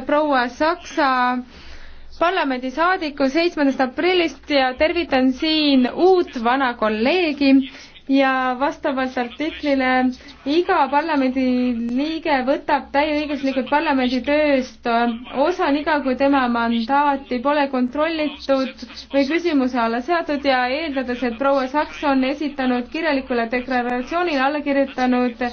proua Saksa parlamendisaadiku seitsmendast aprillist ja tervitan siin uut vana kolleegi ja vastavalt artiklile iga parlamendiliige võtab täieõiguslikult parlamendi tööst osa, niikaua kui tema mandaati pole kontrollitud või küsimuse alla seatud ja eeldades, et proua Saks on esitanud kirjalikule deklaratsioonile alla kirjutanud